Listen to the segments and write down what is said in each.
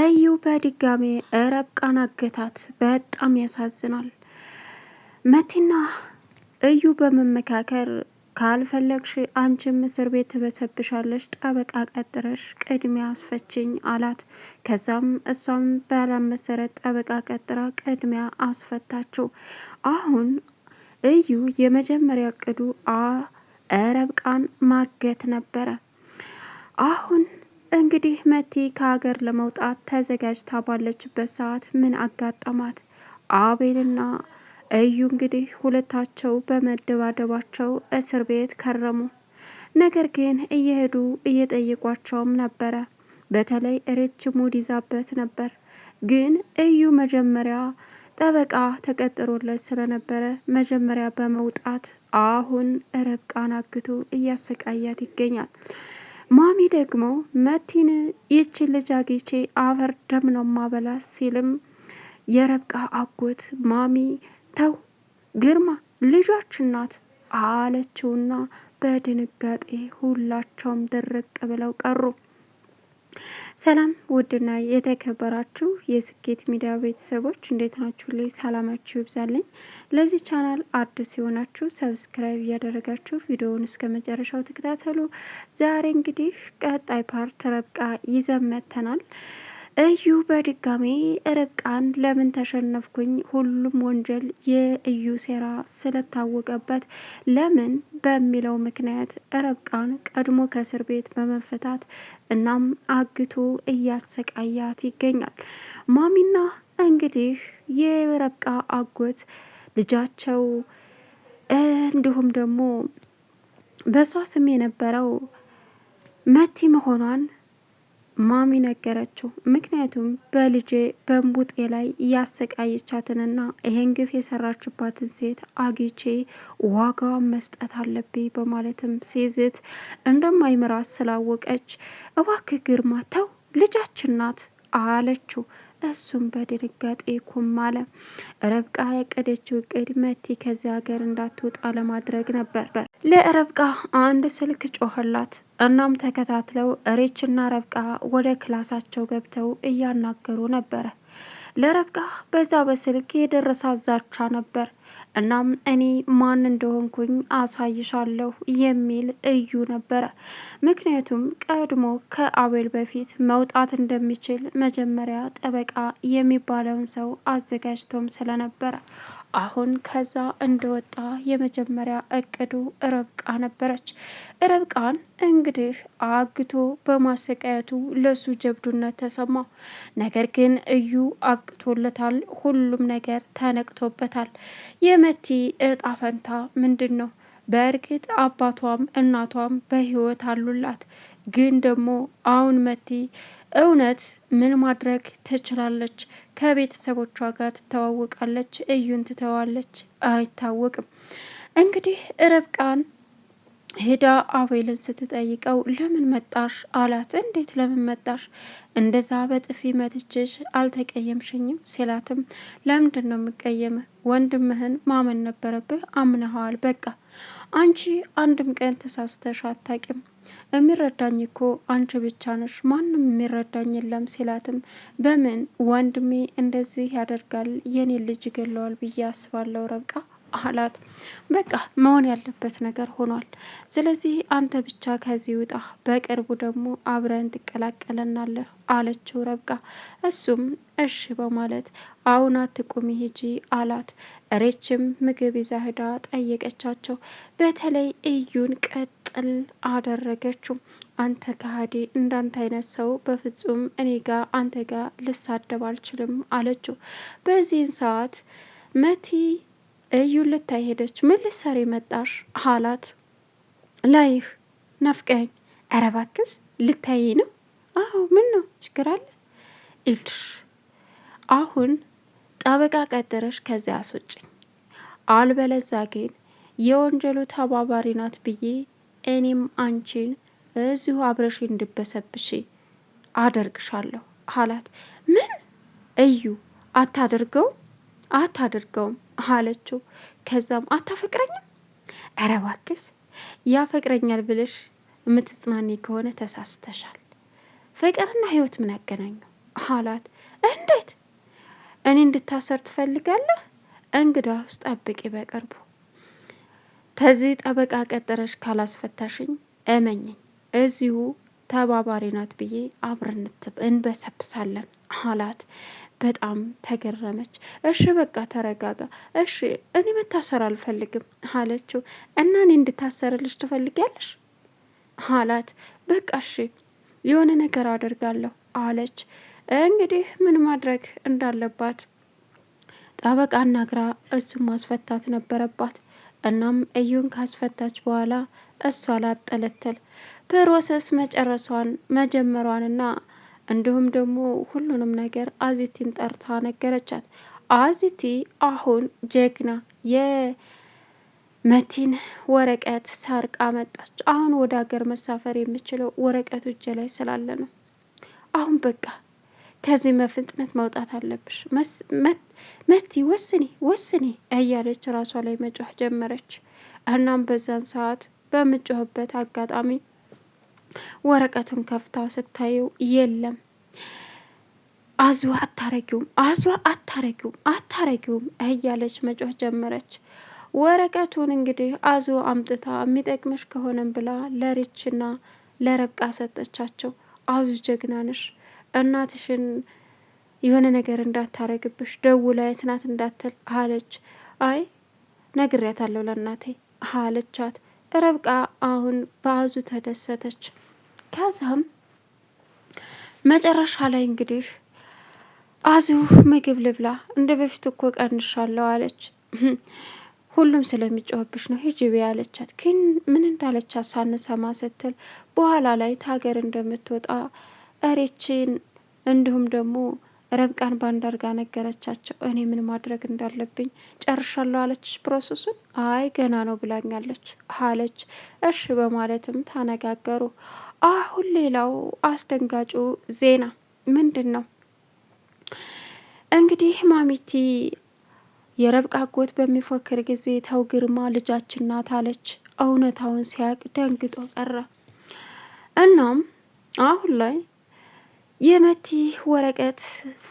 እዩ በድጋሜ ረብቃን አገታት። በጣም ያሳዝናል። መቲና እዩ በመመካከር ካልፈለግሽ አንቺም እስር ቤት ትበሰብሻለሽ፣ ጠበቃ ቀጥረሽ ቅድሚያ አስፈችኝ አላት። ከዛም እሷም ባላን መሰረት ጠበቃ ቀጥራ ቅድሚያ አስፈታችው። አሁን እዩ የመጀመሪያ እቅዱ ረብቃን ማገት ነበረ አሁን እንግዲህ መቲ ከሀገር ለመውጣት ተዘጋጅታ ባለችበት ሰዓት ምን አጋጠማት? አቤልና እዩ እንግዲህ ሁለታቸው በመደባደባቸው እስር ቤት ከረሙ። ነገር ግን እየሄዱ እየጠየቋቸውም ነበረ። በተለይ ሬች ሙድ ይዛበት ነበር። ግን እዩ መጀመሪያ ጠበቃ ተቀጥሮለት ስለነበረ መጀመሪያ በመውጣት አሁን ረብቃን አግቶ እያሰቃያት ይገኛል። ማሚ ደግሞ መቲን ይቺ ልጅ አግቼ አፈር ደም ነው ማበላ ሲልም የረብቃ አጎት ማሚ ተው ግርማ ልጆች ናት አለችውና በድንጋጤ ሁላቸውም ድርቅ ብለው ቀሩ። ሰላም ውድና የተከበራችሁ የስኬት ሚዲያ ቤተሰቦች እንዴት ናችሁ? ላይ ሰላማችሁ ይብዛልኝ። ለዚህ ቻናል አዲስ ሲሆናችሁ ሰብስክራይብ እያደረጋችሁ ቪዲዮውን እስከ መጨረሻው ተከታተሉ። ዛሬ እንግዲህ ቀጣይ ፓርት ረብቃ ይዘመተናል። እዩ በድጋሚ ርብቃን ለምን ተሸነፍኩኝ፣ ሁሉም ወንጀል የእዩ ሴራ ስለታወቀበት ለምን በሚለው ምክንያት ርብቃን ቀድሞ ከእስር ቤት በመፈታት እናም አግቶ እያሰቃያት ይገኛል። ማሚና እንግዲህ የረብቃ አጎት ልጃቸው እንዲሁም ደግሞ በሷ ስም የነበረው መቲ መሆኗን ማሚ ነገረችው። ምክንያቱም በልጄ በንቡጤ ላይ ያሰቃየቻትንና ይሄን ግፍ የሰራችባትን ሴት አግቼ ዋጋዋን መስጠት አለብኝ በማለትም ሴዝት እንደማይምራት ስላወቀች እባክህ ግርማ ተው ልጃችን ናት አለችው። እሱም በድንጋጤ ኩም አለ። ረብቃ ያቀደችው እቅድ መቲ ሀገር እንዳትወጣ ለማድረግ ነበር። ለረብቃ አንድ ስልክ ጮኸላት። እናም ተከታትለው ሬችና ረብቃ ወደ ክላሳቸው ገብተው እያናገሩ ነበረ። ለረብቃ በዛ በስልክ የደረሳ ዛቻ ነበር። እናም እኔ ማን እንደሆንኩኝ አሳይሻለሁ የሚል እዩ ነበረ። ምክንያቱም ቀድሞ ከአቤል በፊት መውጣት እንደሚችል መጀመሪያ ጠበቃ የሚባለውን ሰው አዘጋጅቶም ስለነበረ አሁን ከዛ እንደወጣ የመጀመሪያ እቅዱ ረብቃ ነበረች። ረብቃን እንግዲህ አግቶ በማሰቃየቱ ለሱ ጀብዱነት ተሰማ። ነገር ግን እዩ አብቅቶለታል። ሁሉም ነገር ተነቅቶበታል። የመቲ እጣ ፈንታ ምንድን ነው? በእርግጥ አባቷም እናቷም በህይወት አሉላት። ግን ደግሞ አሁን መቲ እውነት ምን ማድረግ ትችላለች? ከቤተሰቦቿ ጋር ትተዋወቃለች፣ እዩን ትተዋለች፣ አይታወቅም። እንግዲህ ርብቃን ሄዳ አቤልን ስትጠይቀው ለምን መጣሽ አላት። እንዴት ለምን መጣሽ? እንደዛ በጥፊ መትችሽ አልተቀየምሽኝም ሲላትም ለምንድን ነው የምቀየመ? ወንድምህን ማመን ነበረብህ፣ አምነኸዋል። በቃ አንቺ አንድም ቀን ተሳስተሽ አታቂም። የሚረዳኝ እኮ አንቺ ብቻ ነሽ፣ ማንም የሚረዳኝ የለም ሲላትም በምን ወንድሜ እንደዚህ ያደርጋል? የኔ ልጅ ይገለዋል ብዬ አስባለሁ ረብቃ አላት። በቃ መሆን ያለበት ነገር ሆኗል። ስለዚህ አንተ ብቻ ከዚህ ውጣ፣ በቅርቡ ደግሞ አብረን ትቀላቀለናለህ አለችው ረብቃ። እሱም እሺ በማለት አሁን አትቁሚ ሂጂ አላት። ሬችም ምግብ ይዛ ሄዳ ጠየቀቻቸው። በተለይ እዩን ቀጥል አደረገችው። አንተ ከሃዲ፣ እንዳንተ አይነት ሰው በፍጹም እኔ ጋ አንተ ጋ ልሳደብ አልችልም አለችው። በዚህን ሰዓት መቲ እዩ ልታይ ሄደች። ምን ልትሰሪ መጣሽ አላት። ላይህ ናፍቀኝ። ኧረ እባክሽ ልታይ ነው። አዎ ምን ነው ችግር አለ? ይልሽ አሁን ጠበቃ ቀጠረሽ ከዚያ አስወጭኝ፣ አልበለዛ ግን የወንጀሉ ተባባሪ ናት ብዬ እኔም አንቺን እዚሁ አብረሽ እንድበሰብሽ አደርግሻለሁ አላት። ምን እዩ አታደርገውም፣ አታደርገው አታደርገውም አለችው። ከዛም አታፈቅረኝም? ኧረ እባክሽ ያፈቅረኛል ብለሽ የምትጽናኒ ከሆነ ተሳስተሻል። ፍቅርና ህይወት ምን ያገናኘው አላት። እንዴት እኔ እንድታሰር ትፈልጋለህ? እንግዳ ውስጥ ጠብቂ፣ በቅርቡ ከዚህ ጠበቃ ቀጠረሽ ካላስፈታሽኝ እመኝኝ እዚሁ ተባባሪ ናት ብዬ አብረን እንበሰብሳለን አላት። በጣም ተገረመች። እሺ በቃ ተረጋጋ፣ እሺ እኔ መታሰር አልፈልግም አለችው። እና እኔ እንድታሰርልሽ ትፈልጊያለሽ አላት። በቃ እሺ የሆነ ነገር አደርጋለሁ አለች። እንግዲህ ምን ማድረግ እንዳለባት ጠበቃ አናግራ እሱን ማስፈታት ነበረባት። እናም እዩን ካስፈታች በኋላ እሷ ላጠለተል ፕሮሰስ መጨረሷን መጀመሯንና እንዲሁም ደግሞ ሁሉንም ነገር አዚቲን ጠርታ ነገረቻት። አዚቲ አሁን ጀግና የመቲን ወረቀት ሰርቃ መጣች። አሁን ወደ ሀገር መሳፈር የምችለው ወረቀቱ እጄ ላይ ስላለ ነው። አሁን በቃ ከዚህ መፍጥነት መውጣት አለብሽ መቲ፣ ወስኒ ወስኒ እያለች ራሷ ላይ መጮህ ጀመረች። እናም በዛን ሰዓት በምጮህበት አጋጣሚ ወረቀቱን ከፍታ ስታየው የለም። አዙ አታረጊውም፣ አዙ አታረጊውም፣ አታረጊውም እያለች መጮህ ጀመረች። ወረቀቱን እንግዲህ አዙ አምጥታ የሚጠቅምሽ ከሆነም ብላ ለሪችና ለረብቃ ሰጠቻቸው። አዙ ጀግና ነሽ፣ እናትሽን የሆነ ነገር እንዳታረግብሽ ደውላ የት እንዳትል አለች። አይ ነግሬያታለሁ ለእናቴ አለቻት። ረብቃ አሁን በአዙ ተደሰተች። ከዛም መጨረሻ ላይ እንግዲህ አዙ ምግብ ልብላ እንደ በፊት እኮ ቀንሻለሁ አለች። ሁሉም ስለሚጮህብሽ ነው ሂጂ ቤ ያለቻት፣ ግን ምን እንዳለቻት ሳንሰማ ስትል በኋላ ላይ ታገር እንደምትወጣ እሬችን እንዲሁም ደግሞ ረብቃን ባንዳርጋ ነገረቻቸው። እኔ ምን ማድረግ እንዳለብኝ ጨርሻለሁ አለች ፕሮሰሱን። አይ ገና ነው ብላኛለች አለች። እሺ በማለትም ተነጋገሩ። አሁን ሌላው አስደንጋጩ ዜና ምንድን ነው? እንግዲህ ማሚቲ የረብቃ አጎት በሚፎክር ጊዜ ተው ግርማ ልጃችን ናት አለች። እውነታውን ሲያቅ ደንግጦ ቀረ። እናም አሁን ላይ የመቲ ወረቀት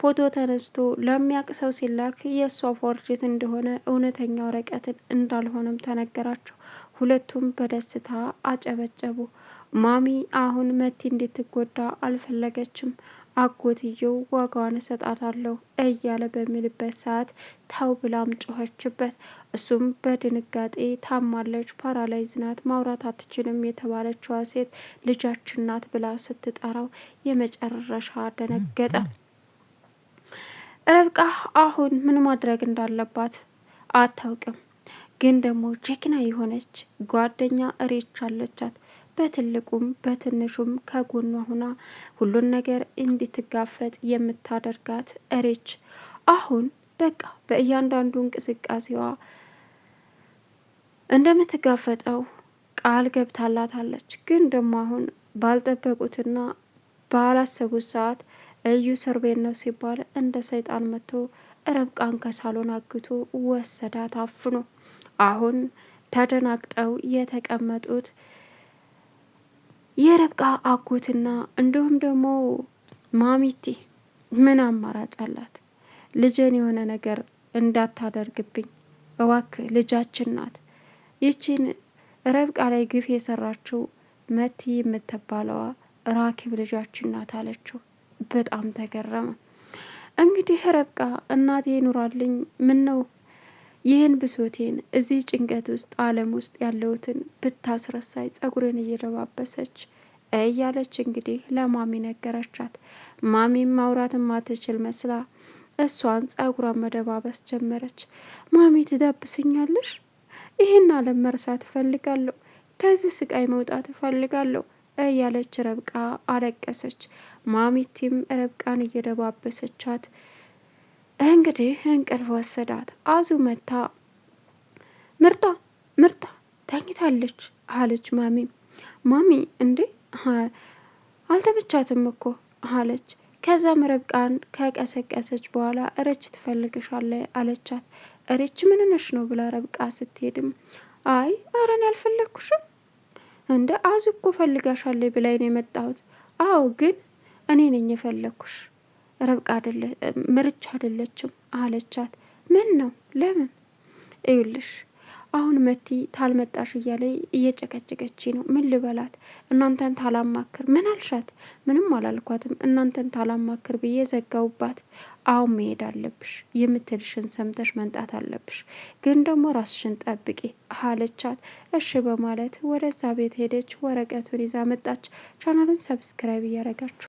ፎቶ ተነስቶ ለሚያውቅ ሰው ሲላክ የእሷ ፎርጅት እንደሆነ እውነተኛ ወረቀትን እንዳልሆነም ተነገራቸው። ሁለቱም በደስታ አጨበጨቡ። ማሚ አሁን መቲ እንድትጎዳ አልፈለገችም። አጎትየው ዋጋዋን እሰጣታለሁ እያለ በሚልበት ሰዓት ተው ብላም ጮኸችበት። እሱም በድንጋጤ ታማለች፣ ፓራላይዝ ናት፣ ማውራት አትችልም የተባለችዋ ሴት ልጃችን ናት ብላ ስትጠራው የመጨረሻ ደነገጠ። ረብቃ አሁን ምን ማድረግ እንዳለባት አታውቅም። ግን ደግሞ ጀግና የሆነች ጓደኛ እሬቻ አለቻት። በትልቁም በትንሹም ከጎኗ ሁና ሁሉን ነገር እንድትጋፈጥ የምታደርጋት እሬች አሁን በቃ በእያንዳንዱ እንቅስቃሴዋ እንደምትጋፈጠው ቃል ገብታላታለች። ግን ደግሞ አሁን ባልጠበቁትና ባላሰቡት ሰዓት እዩ እስር ቤት ነው ሲባል እንደ ሰይጣን መጥቶ ረብቃን ከሳሎን አግቶ ወሰዳት አፍኖ። አሁን ተደናግጠው የተቀመጡት የረብቃ አጎትና እንዲሁም ደግሞ ማሚቴ ምን አማራጭ አላት? ልጄን የሆነ ነገር እንዳታደርግብኝ እዋክ፣ ልጃችን ናት። ይቺን ረብቃ ላይ ግፍ የሰራችው መቲ የምትባለዋ ራኪብ ልጃችን ናት አለችው። በጣም ተገረመ። እንግዲህ ረብቃ እናቴ ይኑራልኝ ምን ነው ይህን ብሶቴን እዚህ ጭንቀት ውስጥ አለም ውስጥ ያለሁትን ብታስረሳይ ጸጉሬን እየደባበሰች እያለች እንግዲህ ለማሚ ነገረቻት። ማሚም ማውራት ማትችል መስላ እሷን ጸጉሯን መደባበስ ጀመረች። ማሚ ትዳብስኛለሽ? ይህን አለም መርሳት እፈልጋለሁ። ከዚህ ስቃይ መውጣት እፈልጋለሁ እያለች ረብቃ አለቀሰች። ማሚቲም ረብቃን እየደባበሰቻት እንግዲህ እንቅልፍ ወሰዳት። አዙ መታ ምርጧ ምርጧ ተኝታለች አለች ማሚ። ማሚ እንዴ አልተመቻትም እኮ አለች። ከዛም ረብቃን ከቀሰቀሰች በኋላ እረች ትፈልግሻለች አለቻት። እረች ምንነሽ ነው ብላ ረብቃ ስትሄድም አይ አረን ያልፈለግኩሽም እንደ አዙ እኮ ፈልጋሻለች ብላኝ ነው የመጣሁት። አዎ ግን እኔ ነኝ የፈለግኩሽ ረብቃ አደለ ምርቻ አደለችም አለቻት። ምን ነው ለምን? እዩልሽ አሁን መቲ ታልመጣሽ እያለ እየጨቀጨቀች ነው። ምን ልበላት? እናንተን ታላማክር ምን አልሻት? ምንም አላልኳትም። እናንተን ታላማክር ብዬ ዘጋውባት። አሁን መሄድ አለብሽ፣ የምትልሽን ሰምተሽ መምጣት አለብሽ፣ ግን ደግሞ ራስሽን ጠብቂ አለቻት። እሺ በማለት ወደዛ ቤት ሄደች። ወረቀቱን ይዛ መጣች። ቻናሉን ሰብስክራይብ እያረጋችሁ